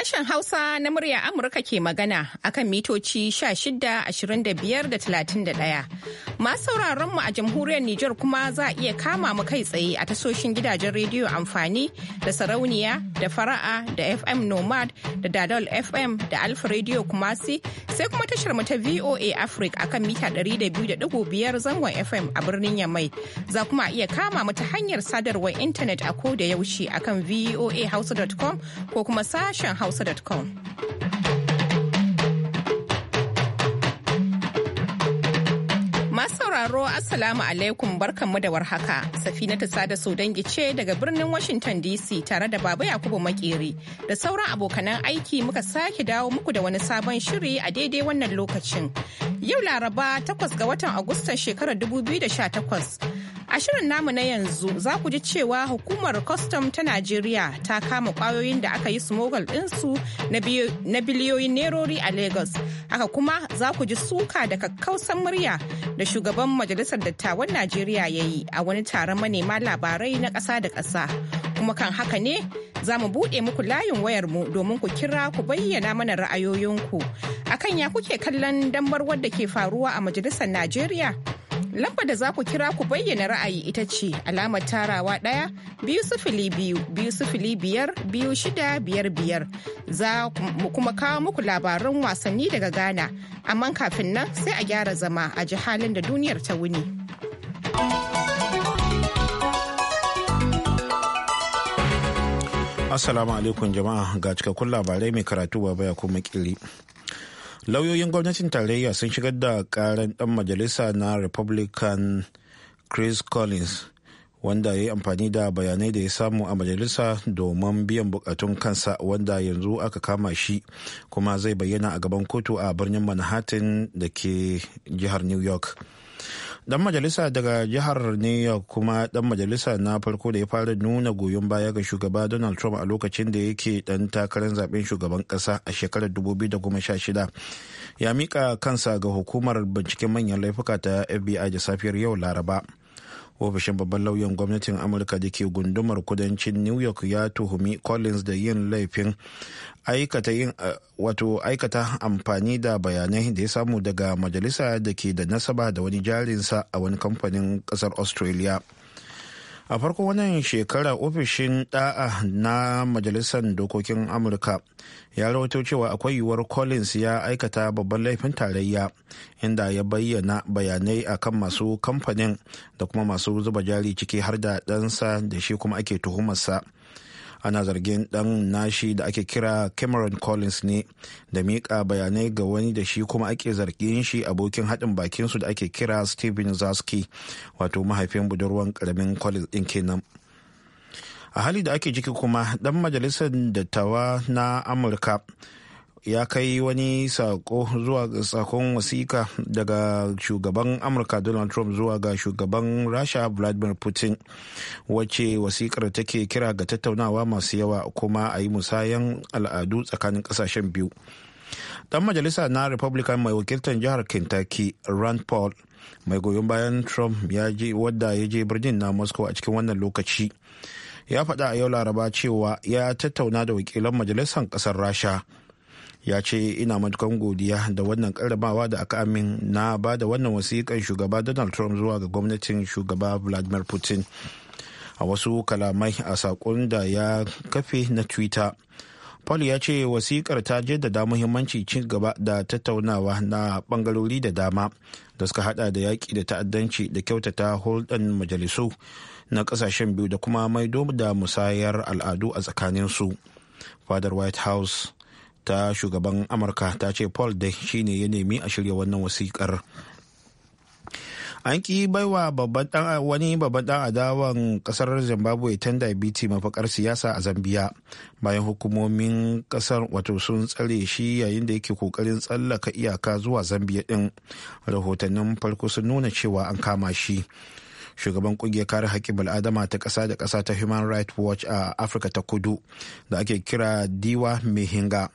Sashen Hausa na murya Amurka ke magana akan mitoci 16, 25 da 31. Masu sauraron mu a jamhuriyar Nijar kuma za a iya kama mu kai tsaye a tasoshin gidajen rediyo amfani da sarauniya da fara'a da FM Nomad da Dadol FM da Alfa Radio Kumasi sai kuma tashar mu ta VOA Africa akan mita 200.5 zangon FM a birnin Yamai. Za kuma iya kama mu ta hanyar sadarwar intanet a koda yaushe akan voahausa.com ko kuma sashen hausa.com. Masu sauraro Assalamu alaikum barkanmu da warhaka. Safina ta sada dangi ce daga birnin Washington DC tare da Baba Yakubu Makeri da sauran abokanan aiki muka sake dawo muku da wani sabon shiri a daidai wannan lokacin. Yau Laraba takwas ga watan Agustan shekarar 2018 A shirin namu na yanzu za ku ji cewa hukumar kwastam ta Najeriya ta kama kwayoyin da aka yi smogal ɗinsu na biliyoyin nerori a Lagos. Haka kuma za ku ji suka da kakkausan murya da shugaban Majalisar Dattawan Najeriya ya yi a wani taron manema labarai na ƙasa da ƙasa. Kuma kan haka ne za mu buɗe muku layin wayar mu domin ku kira ku bayyana mana ra'ayoyinku. Akan ya kuke kallon dambar wadda ke faruwa a Majalisar Najeriya? Lambar da za ku kira ku bayyana ra'ayi ita ce alamar tarawa ɗaya biyu sifili biyu biyu sifili biyar biyu shida biyar biyar. Za mu kuma kawo muku labarun wasanni daga Ghana, amma kafin nan sai a gyara zama a ji halin da duniyar ta wuni. Assalamu alaikum jama'a ga cikakkun labarai mai karatu baba ya kuma kili. lauyoyin gwamnatin tarayya sun shigar da karan dan majalisa na republican chris collins wanda ya yi amfani da bayanai da ya samu a majalisa domin biyan bukatun kansa wanda yanzu aka kama shi kuma zai bayyana a gaban kotu a birnin manhattan da ke jihar new york dan majalisa daga jihar new york kuma dan majalisa na farko da ya fara nuna goyon baya ga shugaba donald trump a lokacin da yake dan takarar zaben shugaban kasa a shekarar 2016 ya mika kansa ga hukumar binciken manyan laifuka ta fbi da safiyar yau laraba ofishin babban lauyan gwamnatin amurka da ke gundumar kudancin new york ya tuhumi collins da yin laifin eh, aikata amfani da bayanai da ya samu daga majalisa da ke da nasaba da wani jarinsa a wani kamfanin kasar australia a farko wannan shekara ofishin da'a na majalisar dokokin amurka ya rawato cewa akwai yiwuwar collins ya aikata babban laifin tarayya inda ya bayyana bayanai akan masu kamfanin da kuma masu zuba jari ciki har da ɗansa da shi kuma ake tuhumarsa ana zargin dan nashi da ake kira cameron collins ne da miƙa bayanai ga wani da shi kuma ake zargin shi abokin haɗin bakinsu da ake kira steven zaski wato mahaifin budurwan karamin collins ɗin kenan a hali da ake ciki kuma dan majalisar dattawa na amurka ya kai wani sako zuwa sakon wasika daga shugaban amurka donald trump zuwa ga shugaban rasha vladimir putin wacce wasikar take kira ga tattaunawa masu yawa kuma a yi musayan al'adu tsakanin kasashen biyu dan majalisa na republican mai wakiltar jihar kentucky rand paul mai goyon bayan trump ya wadda ya je birnin na moscow a cikin wannan lokaci ya faɗa a yau laraba cewa ya tattauna da wakilan majalisar ƙasar rasha ya ce ina matukan godiya da wannan karamawa da aka amin na ba da wannan wasiƙan shugaba donald trump zuwa ga gwamnatin shugaba vladimir putin a wasu kalamai a saƙon da ya kafe na twitter paul ya ce wasiƙar ta jaddada muhimmanci ci gaba da tattaunawa na bangarori da dama da suka hada da yaƙi da ta'addanci da kyautata hulɗan majalisu na ƙasashen biyu da kuma maido da musayar al'adu a tsakaninsu fadar white house ta shugaban amurka ta ce paul da shine ya nemi a shirya wannan wasikar an ki baiwa wani babban dan adawan kasar zimbabwe ta diabetes mafakar siyasa a zambia bayan hukumomin kasar wato sun tsare shi yayin da yake kokarin tsallaka iyaka zuwa zambia din rahotannin farko sun nuna cewa an kama shi shugaban kungiyar kare haƙƙin bal'adama ta ƙasa da ƙasa ta human rights watch a afirka ta kudu da ake kira diwa mehinga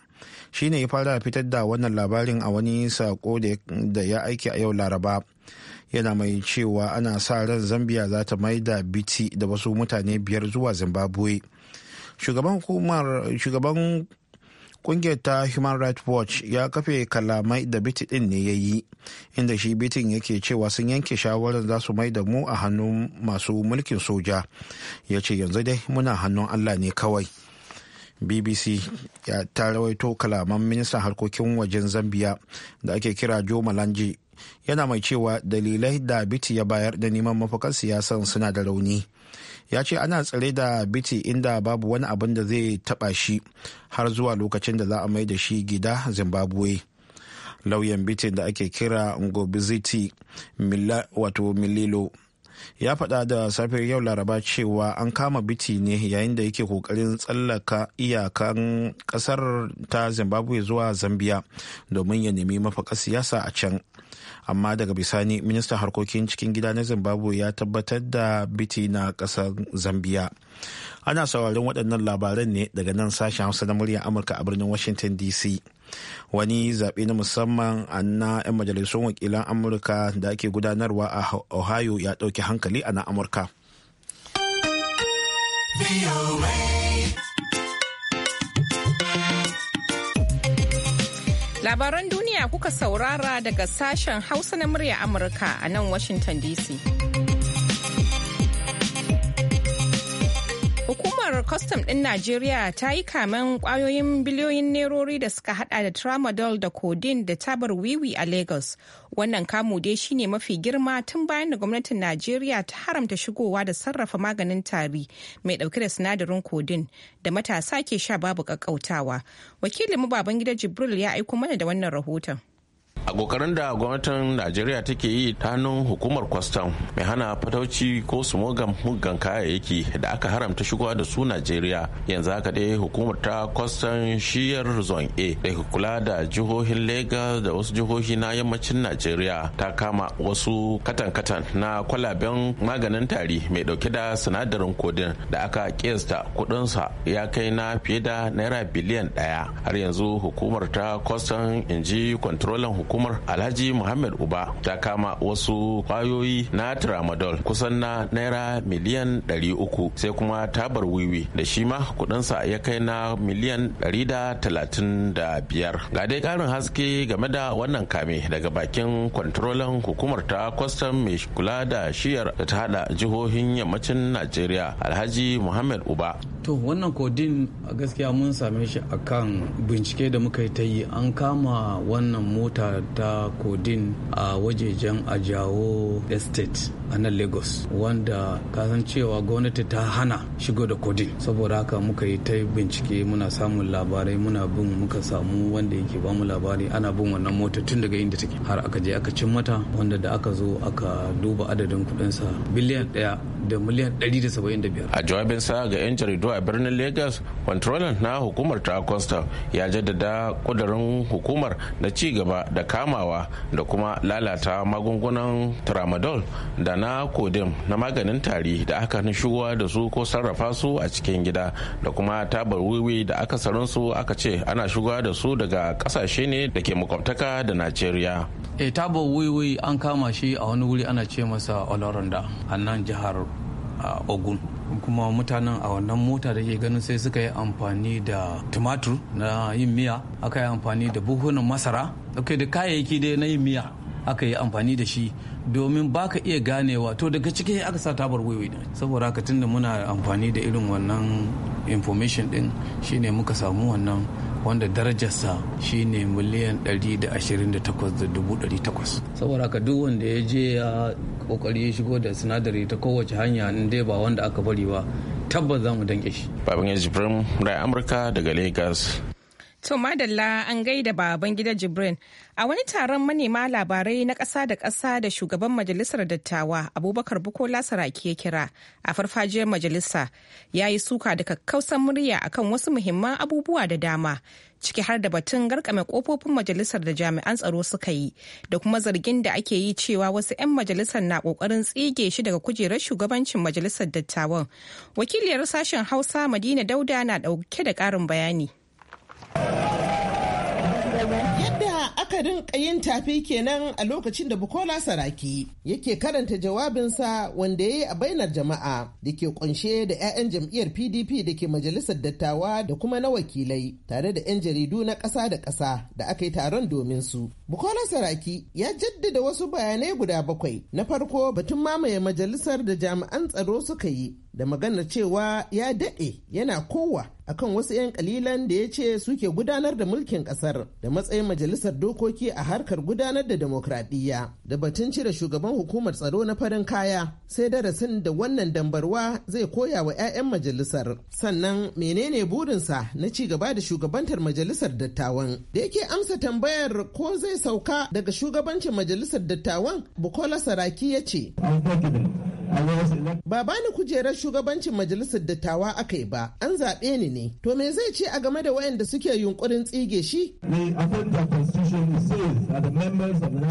shi ne ya fara fitar da wannan labarin a wani sako da ya aiki a yau laraba yana mai cewa ana sa ran zambia za ta mai da biti da wasu mutane biyar zuwa zimbabwe shugaban shugaban kungiyar ta human rights watch ya kafe kalamai da biti din ne ya yi inda shi bitin yake cewa sun yanke shawarar za su mai da mu a hannun masu mulkin soja ya ce yanzu dai muna hannun allah ne kawai bbc ta rawaito kalaman ministan harkokin wajen zambia da ake kira joe malanje yana mai cewa dalilai da biti ya bayar da neman mafakan siyasan suna da rauni ya ce ana tsare da biti inda babu wani abin da zai taba shi har zuwa lokacin da za a mai da shi gida zimbabwe lauyan bitin da ake kira ngobiziti wato mililo ya faɗa da safiyar yau laraba cewa an kama biti ne yayin da yake kokarin tsallaka iyakan ƙasar ta zimbabwe zuwa zambia domin ya nemi mafaka siyasa a can amma daga bisani ministan harkokin cikin gida na zimbabwe ya tabbatar da biti na ƙasar zambia ana sauraron waɗannan labaran ne daga nan sashen hausa na muryar amurka a birnin washington dc wani zaɓe na musamman na 'yan majalisun wakilan amurka da ake gudanarwa a ohio ya ɗauki hankali a na amurka labaran duniya kuka saurara daga sashen hausa na murya amurka a nan washington dc Hukumar kwastam ɗin Najeriya ta yi kamen ƙwayoyin biliyoyin nerori da suka hada da tramadol da codeine da tabar wiwi a Lagos. Wannan kamu dai shine mafi girma tun bayan da gwamnatin Najeriya ta haramta shigowa da sarrafa maganin tari mai ɗauke da sinadarin codeine da matasa ke sha babu ƙaƙƙautawa. Wakilin mu baban Babangida Jibril ya aiko mana da wannan rahoton. a kokarin da gwamnatin najeriya take yi ta hannun hukumar kwastam mai hana fatauci ko su muggan kayayyaki da aka haramta shigowa da su najeriya yanzu haka dai hukumar ta kwastam shiyar zone a da kula da jihohin legas da wasu jihohi na yammacin najeriya ta kama wasu katan-katan na kwalaben maganin tari mai dauke da sinadarin kodin da aka kiyasta kudinsa ya kai na fiye da naira biliyan daya har yanzu hukumar ta kwastam ji kwantarolin hukumar hukumar alhaji muhammad uba ta kama wasu kwayoyi na tramadol kusan na naira miliyan 300 sai kuma tabar wiwi da shi ma kudinsa ya kai na miliyan 135 ga dai karin haske game da wannan kame daga bakin kwantrolan hukumar ta kwastam mai kula da shiyar da ta hada jihohin yammacin najeriya alhaji muhammad uba to wannan kodin gaskiya mun same shi akan bincike da muka yi ta yi an kama wannan mota ta kodin a wajejen ajawo estate a nan lagos wanda cewa gwamnati ta hana shigo da kudin saboda haka muka yi ta bincike muna samun labarai muna bin muka samu wanda yake bamu labarai ana bin wannan mota tun daga inda take har aka je aka cin mata wanda da aka zo aka duba adadin kudinsa biliyan daya da miliyan 175 a jawabinsa ga 'yan jaridu a birnin lagos kwantrolan na hukumar ta costa ya jaddada kudurin hukumar na ci gaba da kamawa da kuma lalata magungunan tramadol da na kodin na maganin tari da aka nishuwa da su ko sarrafa su a cikin gida da kuma tabar wiwi da sarin su aka ce ana shuga da su daga kasashe ne da ke makwabtaka da najeriya e tabar wiwi an kama shi a wani wuri ana ce masa olorunda a nan jihar uh, ogun kuma mutanen a wannan mota da ke ganin sai suka yi amfani da tumatur na yin miya aka yi amfani da buhunan masara da kayayyaki dai na yin miya aka yi amfani da shi domin ba ka iya ganewa to daga ciki aka sa tabar waiwai din saboda haka tunda muna amfani da irin wannan information din shine muka samu wannan wanda darajarsa shine miliyan 128,800 saboda haka duk wanda ya je ya kokari ya shigo da sinadari ta kowace hanya in dai ba wanda aka bari ba tabbas za mu danke shi yanzu amurka daga lagos To Madalla an gaida baban gida Jibrin. A wani taron manema labarai na ƙasa da ƙasa da shugaban majalisar dattawa Abubakar Bukola Saraki ya kira a farfajiyar majalisa ya yi suka da kakkausan murya akan wasu muhimman abubuwa da dama ciki har da batun garkame kofofin majalisar da jami'an tsaro suka yi da kuma zargin da ake yi cewa wasu 'yan majalisar na kokarin tsige shi daga kujerar shugabancin majalisar dattawan. Wakiliyar sashen Hausa Madina Dauda na dauke da karin bayani. Yadda aka rinka yin tafi kenan a lokacin da Bukola Saraki yake karanta jawabinsa wanda ya yi a bainar jama'a da ke kunshe da 'ya'yan jam'iyyar PDP da ke majalisar dattawa da kuma na wakilai tare da 'yan jaridu na ƙasa da ƙasa da aka yi taron domin su. Bukola Saraki ya jaddada wasu bayanai guda bakwai na farko batun mamaye majalisar da jami'an tsaro suka yi da maganar cewa ya daɗe yana kowa akan wasu 'yan kalilan da ya ce suke gudanar da mulkin kasar da matsayin majalisar dokoki a harkar gudanar da demokradiyya da batun cire shugaban hukumar tsaro na farin kaya sai darasin da wannan dambarwa zai koya wa 'ya'yan majalisar sannan menene burinsa na ci gaba da shugabantar majalisar dattawan da yake amsa tambayar ko zai sauka daga shugabancin majalisar dattawan bukola saraki ya ce ba bani kujerar shugabancin majalisar dattawa aka yi ba an zaɓe ni ne. To me zai ce a game da waɗanda suke yunkurin tsige shi?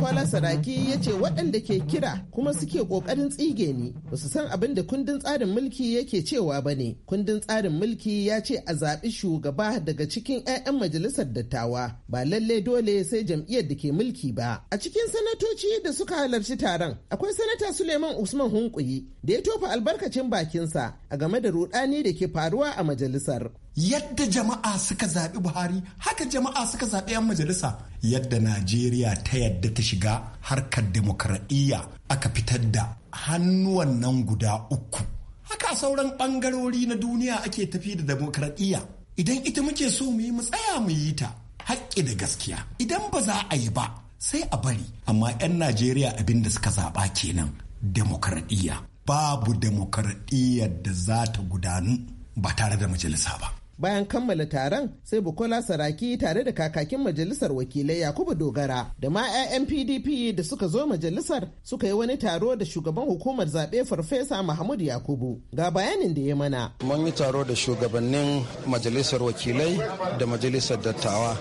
Kwala Saraki ya ce waɗanda ke kira kuma suke ƙoƙarin tsige ni ba su san abin da kundin tsarin mulki yake cewa ba ne. Kundin tsarin mulki ya ce a zaɓi shugaba daga cikin 'ya'yan majalisar dattawa ba lallai dole sai jam'iyyar da ke mulki ba. A cikin sanatoci da suka halarci taron akwai sanata Suleiman Usman Hunkuyi da ya tofa albarkacin bakinsa a game da rudani da ke faruwa a majalisar. yadda jama'a suka zaɓi buhari haka jama'a suka zaɓi 'yan majalisa yadda najeriya ta yadda ta shiga harkar demokradiyya aka fitar da hannuwan nan guda uku haka sauran ɓangarori na duniya ake tafi da demokradiyya idan ita muke so mu yi mu tsaya mu yi ta haƙƙi da gaskiya idan ba za a yi ba sai a bari amma 'yan najeriya abin da suka zaɓa kenan demokradiyya babu demokradiyyar da za ta gudanu ba tare da majalisa ba. Bayan kammala taron sai Bukola Saraki tare da kakakin majalisar wakilai Yakubu Dogara da ma 'ya'yan PDP da suka zo majalisar suka yi wani taro da shugaban hukumar zaɓe Farfesa Mahmud Yakubu. Ga bayanin da ya mana. Mun yi taro da shugabannin majalisar wakilai da majalisar dattawa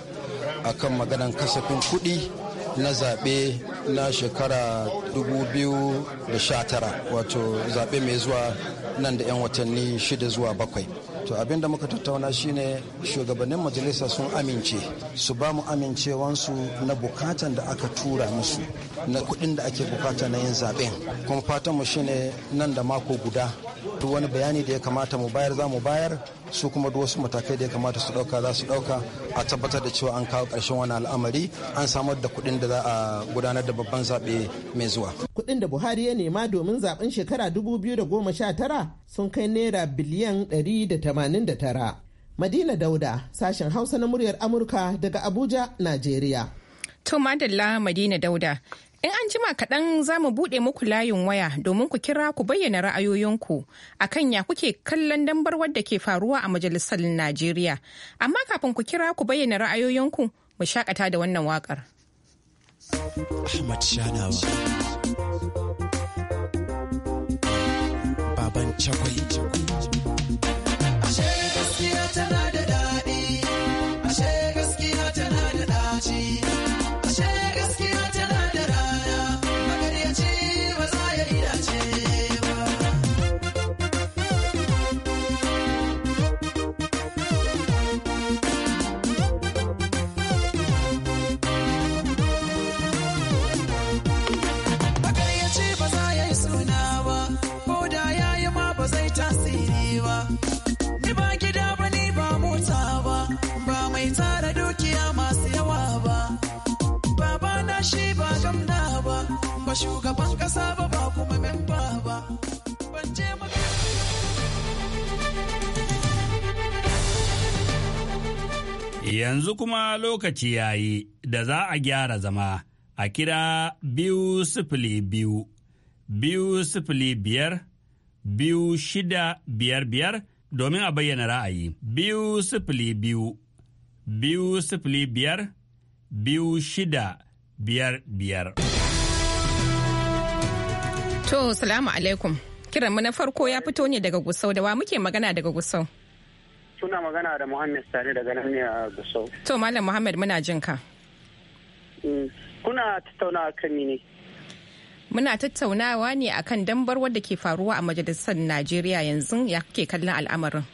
akan maganan kasafin kuɗi na zaɓe na shekara 2019 wato zaɓe mai zuwa nan da 'yan watanni shida zuwa bakwai to abinda muka tattauna shine shugabannin majalisa sun amince su ba mu amincewansu na bukatan da aka tura musu na kuɗin da ake bukata na yin zaɓen kuma fatan mu shine nan da mako guda duk wani bayani da ya kamata mu bayar za mu bayar su kuma duk wasu matakai da ya kamata su dauka za su dauka a tabbatar da cewa an kawo karshen wani al'amari an samar da kuɗin da za a gudanar da babban zaɓe mai zuwa. Kuɗin da Buhari ya nema domin zaben shekara dubu da goma sha tara sun kai naira biliyan ɗari da da tara. Madina Dauda, sashen Hausa na muryar Amurka daga Abuja, Najeriya. To Madalla Madina Dauda, In an jima kaɗan za mu buɗe muku layin waya domin ku kira ku bayyana ra'ayoyinku a kan ya kuke kallon dambar wadda ke faruwa a majalisar Najeriya. Amma kafin ku kira ku bayyana ra'ayoyinku mu shakata da wannan waƙar. Ashe gaskiya tana da daɗi, ashe gaskiya tana da ɗaci. Yanzu kuma lokaci ya yi da za a gyara zama a kira biyu sifili biyu, biyu sifili biyar, biyu shida biyar biyar domin a bayyana ra'ayi. Biyu sifili biyu, biyu sifili biyar, biyu shida biyar biyar. To, salamu alaikum. Kiranmu na farko ya fito ne daga Gusau da wa muke magana daga Gusau. Kuna magana da Muhammad Sani daga nan ne a Gusau. To Malam Muhammad muna jin ka. Mm. Kuna tattaunawa kan ne. Muna tattaunawa ne akan dambar wadda ke faruwa a majalisar Najeriya yanzu ya ke kallon al'amarin.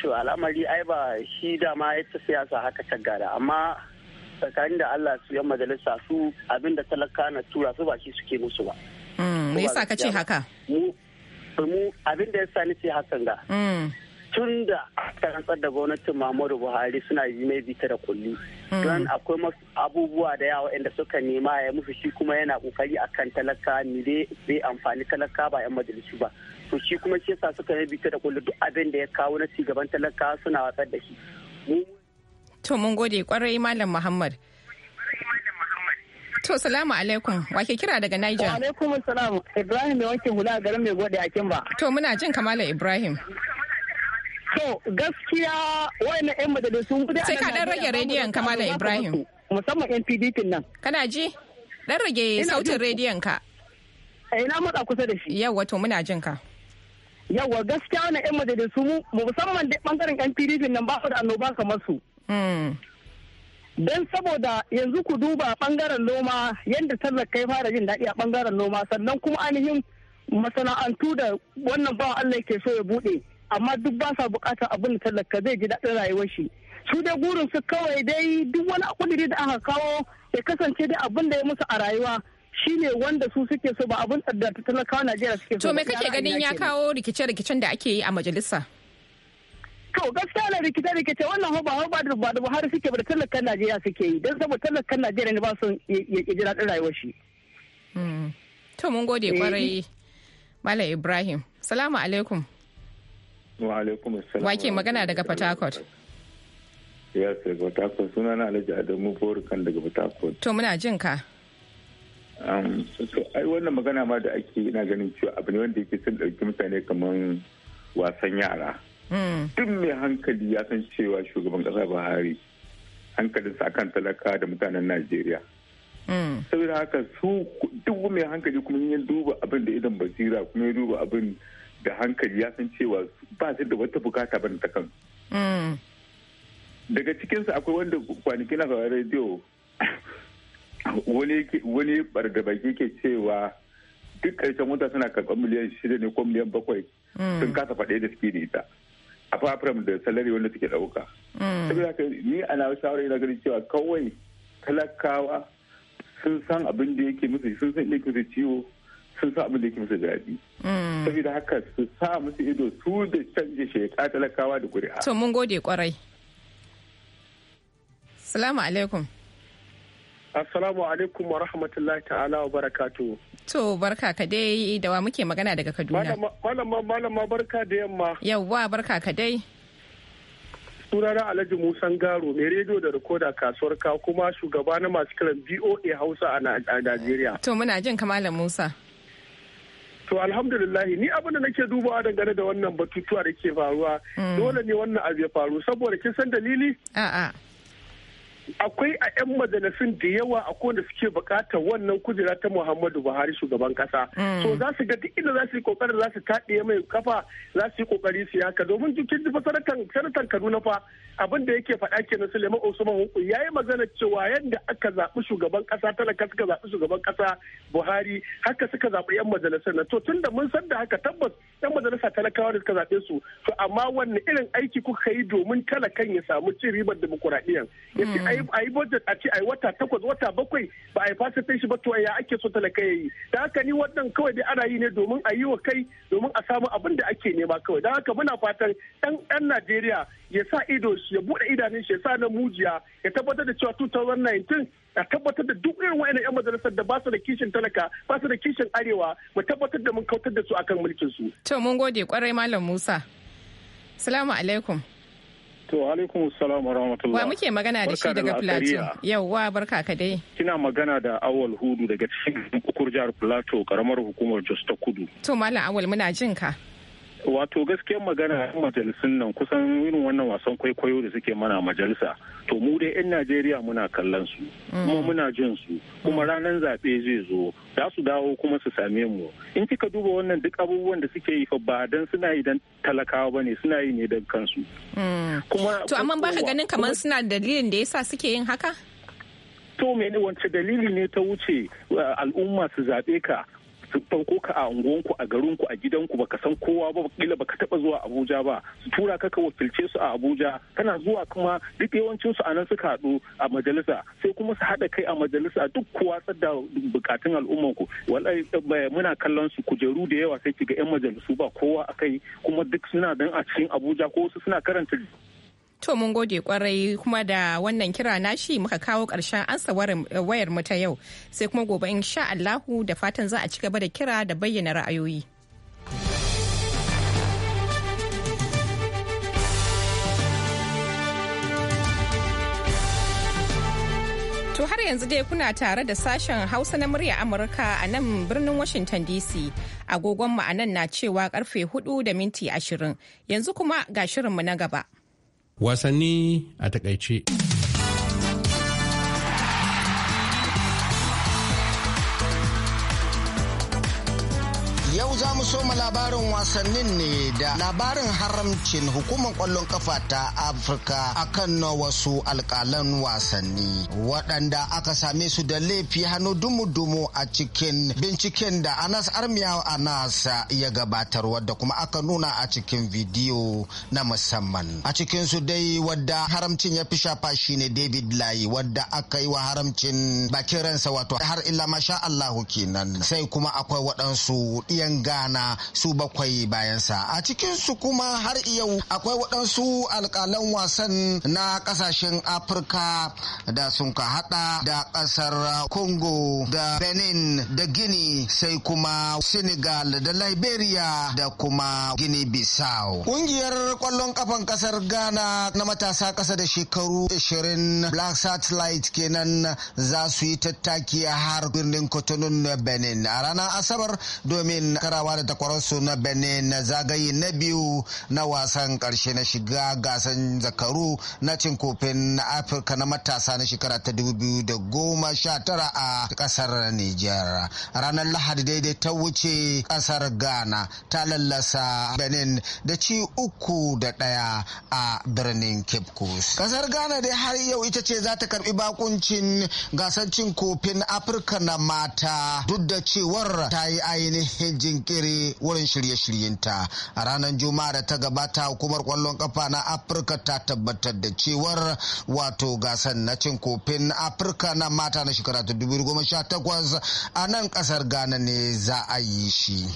To al'amari ai ba shi dama ita siyasa haka ta gada amma tsakanin da Allah su yan majalisa su abinda talaka na tura su ba shi suke musu ba. Mm, me yasa ka ce haka? Mu abinda ya sa ni ce hakan da. tun da aka rantsar da gwamnatin Muhammadu Buhari suna yi mai bita da kulli. Hmm. Don akwai abubuwa da yawa inda suka nema ya musu shi kuma yana kokari akan talaka ni dai bai amfani talaka ba 'yan majalisu ba. To shi kuma shi yasa suka yi bita da kulli duk abin da ya kawo na cigaban talaka suna watsar da shi. To mun gode kwarai Malam Muhammad. To salamu alaikum wake kira daga Niger. Wa alaikum salam Ibrahim mai wake hula a garin mai gode a Kimba. To muna jin kamala Ibrahim. so gaskiya wayannan 'yan majalisun guda Sai ka dan rage rediyon kamala Ibrahim. Musamman 'yan PDP nan. Kana ji? Dan rage sautin rediyon ka. Eh, ina matsa kusa da shi. Yawwa to muna jin ka. Yawwa gaskiya wannan 'yan majalisu musamman dai bangaren 'yan PDP nan ba su da annoba kamar su. Hmm. Don saboda yanzu ku duba bangaren noma yadda tallaka ya fara jin daɗi a bangaren noma sannan kuma ainihin masana'antu da wannan bawa Allah ke so ya buɗe. amma duk ba sa bukatar abin da talaka zai ji daɗin rayuwar shi su dai gurin su kawai dai duk wani kudiri da aka kawo ya kasance dai abin da ya musu a rayuwa shine wanda su suke so ba abin da talakawa Najeriya suke so to me kake ganin ya kawo rikice-rikicen da ake yi a majalisa to gaskiya na rikice-rikice wannan hoba hoba da ba da Buhari suke ba da talakan Najeriya suke yi don saboda talakan Najeriya ne ba su ya ji daɗin rayuwar shi hmm. to mun gode eh. kwarai Malam Ibrahim salamu alaikum Wa alaikum Wake magana daga Port Ya ce Port suna na Alhaji Adamu Borukan daga Port Harcourt. To muna jin ka. Um, ai wannan magana ma da ake ina ganin cewa abu ne wanda yake sun ɗauki mutane kamar wasan yara. Hmm. Duk mai hankali ya san cewa shugaban kasa Buhari hankalinsa kan talaka da mutanen Najeriya. Hmm. Saboda haka su duk mai hankali kuma ya duba abin da idan basira kuma ya duba abin da hankali ya san cewa ba su da wata bukata ba ta kan mm. daga cikinsu akwai wanda kwanaki na kawai rediyo wani barda baki ke cewa duk karshen wata suna karɓar miliyan shida ne ko miliyan bakwai mm. sun kasa faɗe da suke da ita a fafiram da salari wanda suke ɗauka. Mm. saboda haka ni a na shawara yana ganin cewa kawai talakawa sun san abin da yake musu sun san yake musu ciwo sun sa abin da yake musu daɗi. Saboda haka su sa musu ido su da canje sheka talakawa da ƙuri'a. To mun gode kwarai. Salamu alaikum. Assalamu alaikum wa rahmatullahi ta'ala wa barakatu. To barka ka dai da wa muke magana daga Kaduna. Malama malama barka da yamma. Yawwa barka ka dai. Sunana Alhaji Musan Garo mai rediyo da rikoda kasuwar ka kuma shugaba na masu kiran BOA Hausa a Najeriya. To muna jin ka malam Musa. To alhamdulillahi ni abin da nake dubawa dangane da wannan batutuwa da ke faruwa mm. dole ne wannan abu ya faru saboda kin san dalili? akwai a 'yan majalisun da yawa a kowanne suke bukatar wannan kujera ta muhammadu buhari shugaban kasa mm. so za su ga duk inda za su yi kokarin za su taɗe mai kafa za su yi kokari su haka domin jikin jifa sanatan kaduna fa abin da yake faɗa ke na suleiman usman hunku ya yi magana cewa yadda aka zaɓi shugaban kasa talaka suka zaɓi shugaban kasa buhari haka suka zaɓi 'yan majalisun na to tun da mun san da haka tabbas 'yan majalisa talakawa da suka zaɓe su to amma wannan irin aiki kuka yi domin talakan ya samu cin ribar demokuraɗiyyar a yi budget a ce a yi wata takwas wata bakwai ba a yi fasitin shi ba to ya ake so talaka ya yi da haka ni wannan kawai dai ana yi ne domin a yi wa kai domin a samu abin da ake nema kawai da haka muna fatan ɗan dan Najeriya ya sa ido ya buɗe idanun shi ya sa na mujiya ya tabbatar da cewa 2019 a tabbatar da duk irin wa'annan 'yan majalisar da ba su da kishin talaka ba su da kishin arewa mu tabbatar da mun kautar da su akan mulkin su. To mun gode kwarai Malam Musa. Salamu alaikum. To alaikum salam wa Wa muke magana da shi daga Plateau. Yawwa barka ka dai. Kina magana da Awal Hudu daga cikin ukur jihar Plateau karamar hukumar Jos ta Kudu. To Malam Awal muna jin ka. wato gaskiyar magana yan majalisun nan kusan irin wannan wasan kwaikwayo da suke mana majalisa to mu dai yan najeriya muna kallon su kuma mm. muna jin su kuma ranar zaɓe zai zo za su dawo kuma su same mu in kika duba wannan duk abubuwan da suke yi ba dan suna yi dan talakawa bane suna yi ne dan kansu mm. kuma to amma ka ganin kamar suna dalilin da yasa suke yin haka to mene wance dalili ne ta wuce uh, al'umma su zaɓe ka su ɗauko ka a unguwanku a garinku a gidanku baka san kowa ba kila baka taba zuwa Abuja ba su tura ka ka wakilce su a Abuja kana zuwa kuma duk yawancin su anan suka haɗu a majalisa sai kuma su haɗa kai a majalisa duk kowa da bukatun al'ummanku wallahi eh, muna kallon su kujeru da yawa sai kiga yan majalisu ba kowa akai kuma duk suna dan a cikin Abuja ko wasu suna karanta To mun gode kwarai kuma da wannan kira nashi muka kawo ƙarshen ansa eh, wayar mu ta yau sai kuma gobe in sha Allahu da fatan za a ci gaba da kira da bayyana ra'ayoyi. To har yanzu dai kuna tare da sashen Hausa na murya Amurka a nan birnin Washington DC. Agogon mu na cewa karfe 4 da minti ashirin Yanzu kuma ga shirinmu na gaba. wasanni a takaice. Yau za mu soma labarin wasannin ne da labarin haramcin hukumar kwallon kafa ta Afirka akan wasu alkalan wasanni waɗanda aka same su da laifi hannu dumu-dumu a cikin binciken da Anas Armiya Anas ya gabatar wadda kuma aka nuna a cikin bidiyo na musamman. A cikin su dai wadda haramcin ya fi shafa shine David Layi wadda aka yi wa haramcin bakin ransa wato har illa masha Allahu kenan sai kuma akwai waɗansu iya 'yan ghana su bakwai bayansa a cikinsu kuma har yau akwai waɗansu alƙalan wasan na ƙasashen afirka da sun ka hada da ƙasar congo da benin da guinea sai kuma senegal da liberia da kuma guinea bissau ƙungiyar ƙwallon ƙafan ƙasar ghana na matasa ƙasa da shekaru 20 black satellite kenan za su yi tattaki har birnin cotonou benin a ranar asabar domin karawa da takwararsu na benin na zagaye na biyu na wasan karshe na shiga gasan zakaru na cin kofin na afirka na matasa na shekara ta 2019 a kasar niger ranar lahadi daidai ta wuce kasar ghana ta lallasa benin da ci uku da daya a birnin cape coast kasar ghana dai har yau ita ce za ta karbi bakuncin gasar cin kofin afirka na mata duk da cewar ta yi ainihin jinkiri wurin shirye-shiryenta a ranar juma'a da ta gabata hukumar kwallon kafa na afirka ta tabbatar da cewar wato gasar na cin kofin afirka na mata na shekara ta 2018 a nan kasar ghana ne za a yi shi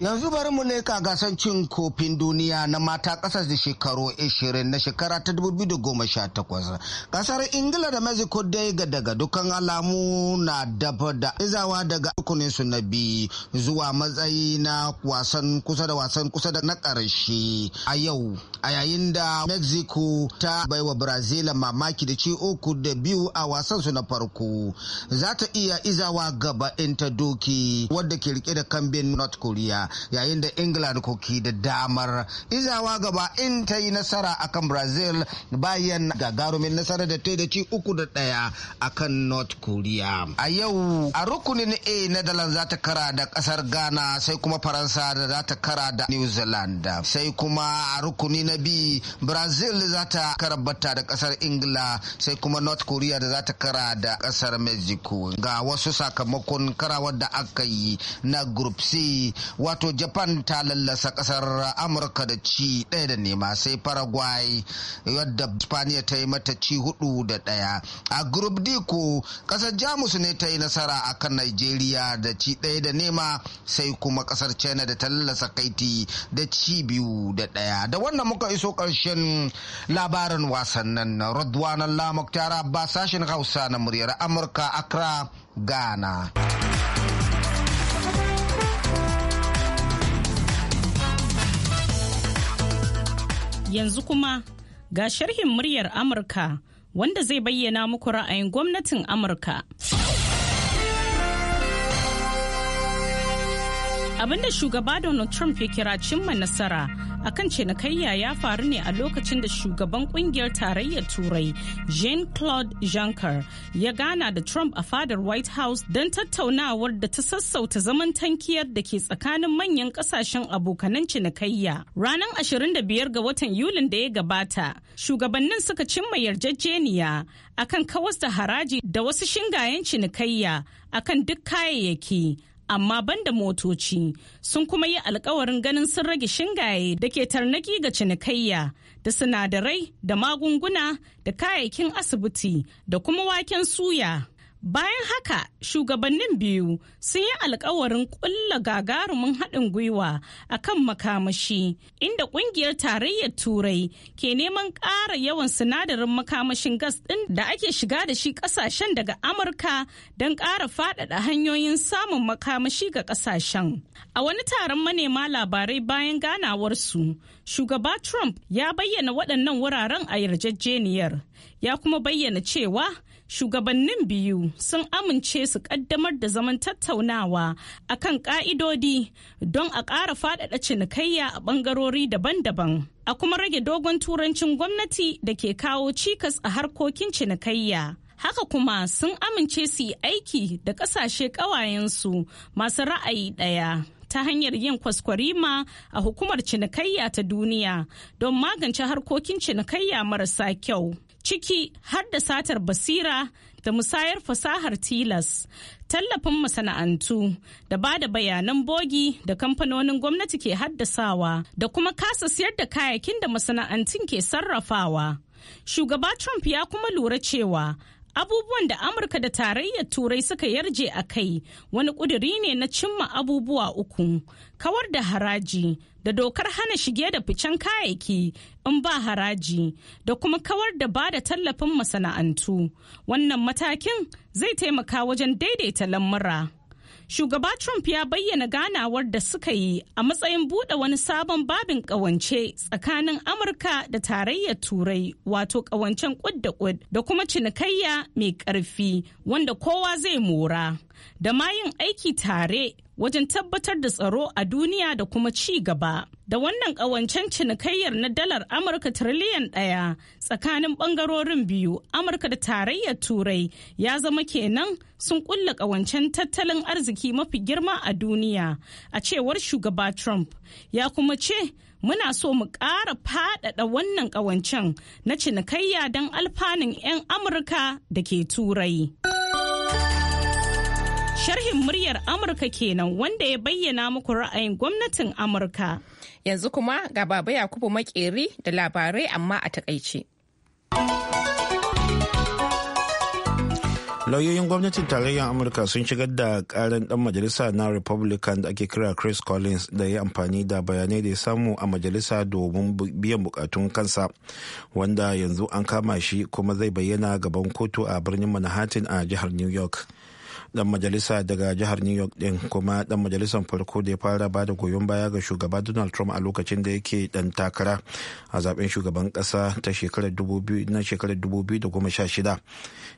Yanzu bari mu ne leka gasan cin kofin duniya na mata ƙasar da shekaru 20 na shekara ta 2018. Kasar Ingila da Mexico dai ga daga dukkan alamu na dafa da izawa daga rukunin su na biyu zuwa matsayi na wasan kusa da wasan kusa da na ƙarshe a yau. A yayin da Mexico ta baiwa Brazil mamaki da ci uku da biyu a wasan su na farko. Za ta iya izawa gaba in ta doki wadda ke rike da kambin North Korea. yayin da england koki da damar izawa gaba in ta yi nasara akan brazil bayan gagarumin nasara da ta yi da ci uku da daya akan north korea a yau a rukunin a netherlands za ta kara da kasar ghana sai kuma faransa da za ta kara da new zealand sai kuma a rukuni na b brazil za ta karabata da kasar ingila sai kuma north korea da za ta kara da kasar mexico ga wasu sakamakon karawar da aka yi na group c wato japan ta lallasa kasar amurka da ci ɗaya da nema sai paraguay yadda spaniya ta yi mata ci hudu da ɗaya a group d ko kasar jamus ne ta yi nasara a kan nigeria da ci ɗaya da nema sai kuma kasar china da ta lallasa kaiti da ci biyu da ɗaya da wannan muka iso ƙarshen labarin wasannin rodwanan lamuk tara ba sashen hausa na muryar amurka accra ghana Yanzu kuma ga sharhin muryar Amurka wanda zai bayyana muku ra'ayin gwamnatin Amurka. Abinda shugaba Donald Trump ya kira cimma nasara akan cinikayya ya faru ne a lokacin da shugaban kungiyar tarayyar turai jean-claude juncker ya gana da trump a fadar white house don tattaunawar da ta sassauta zaman tankiyar da ke tsakanin manyan kasashen abokanan cinikayya ranar 25 ga watan yulin da ya gabata shugabannin suka cimma yarjejeniya akan kawas da haraji da wasu shingayen cinikayya akan duk kayayyaki amma banda motoci sun kuma yi alkawarin ganin sun rage shingaye da ke tarnaki ga cinikayya da sinadarai da magunguna da kayayyakin asibiti da kuma waken suya. Bayan haka, shugabannin biyu sun yi alkawarin kulla gagarumin haɗin gwiwa a kan makamashi, inda ƙungiyar tarayyar Turai ke neman ƙara yawan sinadarin makamashin gas ɗin da ake shiga da shi ƙasashen daga Amurka don ƙara faɗaɗa hanyoyin samun makamashi ga ƙasashen. A wani taron manema labarai bayan ganawar su, shugaba Trump ya bayyana waɗannan wuraren a yarjejeniyar, ya kuma bayyana cewa shugabannin biyu sun amince su kaddamar da zaman tattaunawa A kan ka'idodi don a ƙara faɗaɗa cinikayya a ɓangarori daban-daban. A kuma rage dogon turancin gwamnati da ke kawo cikas a harkokin cinikayya. haka kuma sun amince su yi aiki da kasashe ƙawayensu masu ra'ayi ɗaya ta hanyar yin kwaskwarima a hukumar cinikayya ta duniya don magance harkokin cinikayya marasa kyau ciki har da satar basira da musayar fasahar tilas tallafin masana'antu da ba da bayanan bogi da kamfanonin gwamnati ke haddasawa da kuma kasa siyar da kayakin da masana'antun ke sarrafawa shugaba trump ya kuma lura cewa abubuwan da amurka da tarayyar turai suka yarje a kai wani ƙuduri ne na cimma abubuwa uku kawar da haraji da dokar hana shige da ficen kayayyaki in ba haraji da kuma kawar da ba da tallafin masana'antu wannan matakin zai taimaka wajen daidaita lamura. Shugaba Trump ya bayyana ganawar da suka yi a matsayin buɗe wani sabon babin ƙawance tsakanin Amurka da tarayyar Turai wato ƙawancen ƙud da ƙud da kuma cinikayya mai ƙarfi wanda kowa zai mora da ma yin aiki tare wajen tabbatar da tsaro a duniya da kuma ci gaba. Da wannan ƙawancen cinikayyar na dalar Amurka tiriliyan ɗaya tsakanin ɓangarorin biyu Amurka da tarayyar Turai ya zama kenan sun ƙulla ƙawancen tattalin arziki mafi girma a duniya a cewar shugaba Trump ya kuma ce muna so mu ƙara faɗaɗa wannan ƙawancen na cinikayya don alfanun 'yan Amurka da ke Turai. Sharhin muryar Amurka kenan wanda ya bayyana muku ra'ayin gwamnatin Amurka. Yanzu kuma ga Baba Yakubu Makeri da labarai amma a takaice. lauyoyin gwamnatin tarayyar amurka sun shigar da karin ɗan majalisa na republican da ake kira chris collins da ya amfani da bayanai da ya samu a majalisa domin biyan bukatun kansa wanda yanzu an kama shi kuma zai bayyana gaban kotu a birnin manhattan a jihar new york dan majalisa daga jihar new york din kuma dan majalisar farko da ya fara ba da goyon baya ga shugaba donald trump a lokacin da yake dan takara a zaben shugaban kasa ta shekarar 2016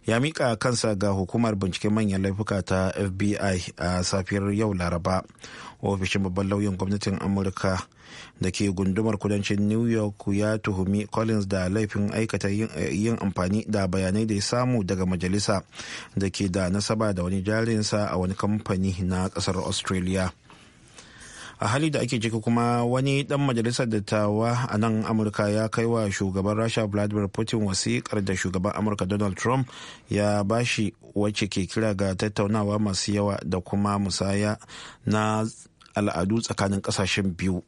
ya mika kansa ga hukumar binciken manyan laifuka ta fbi a safiyar yau laraba ofishin babban lauyan gwamnatin amurka da ke gundumar kudancin new york ya tuhumi collins da laifin aikata yin amfani da bayanai da ya samu daga majalisa da ke da nasaba da wani jarinsa a wani kamfani na kasar australia a hali da ake ciki kuma wani dan majalisar dattawa a nan amurka ya kai wa shugaban rasha vladimir putin wasikar da shugaban amurka donald trump ya bashi wacce ke kira ga tattaunawa masu yawa da kuma musaya na al'adu tsakanin kasashen biyu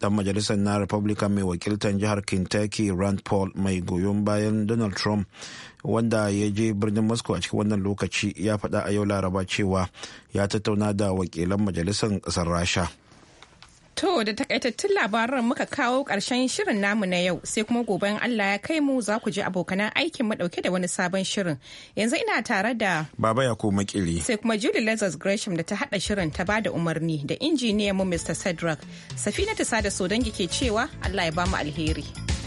dan majalisar na republican mai wakiltar jihar kentucky rand paul mai goyon bayan donald trump wanda ya je birnin moscow a cikin wannan lokaci ya faɗa a yau laraba cewa ya tattauna da wakilan majalisar ƙasar rasha To da takaitattun labaran muka kawo ƙarshen shirin namu na yau sai kuma gobe Allah ya kai mu za ku ji abokanan aikin madauke da wani sabon shirin. Yanzu ina tare da Baba Yakubu Makili. Sai kuma Julie Lazarus Gresham da ta hada shirin ta bada umarni da injiniyan mu Mr. Cedric. Safina ta sada so dangi ke cewa Allah ya ba mu alheri.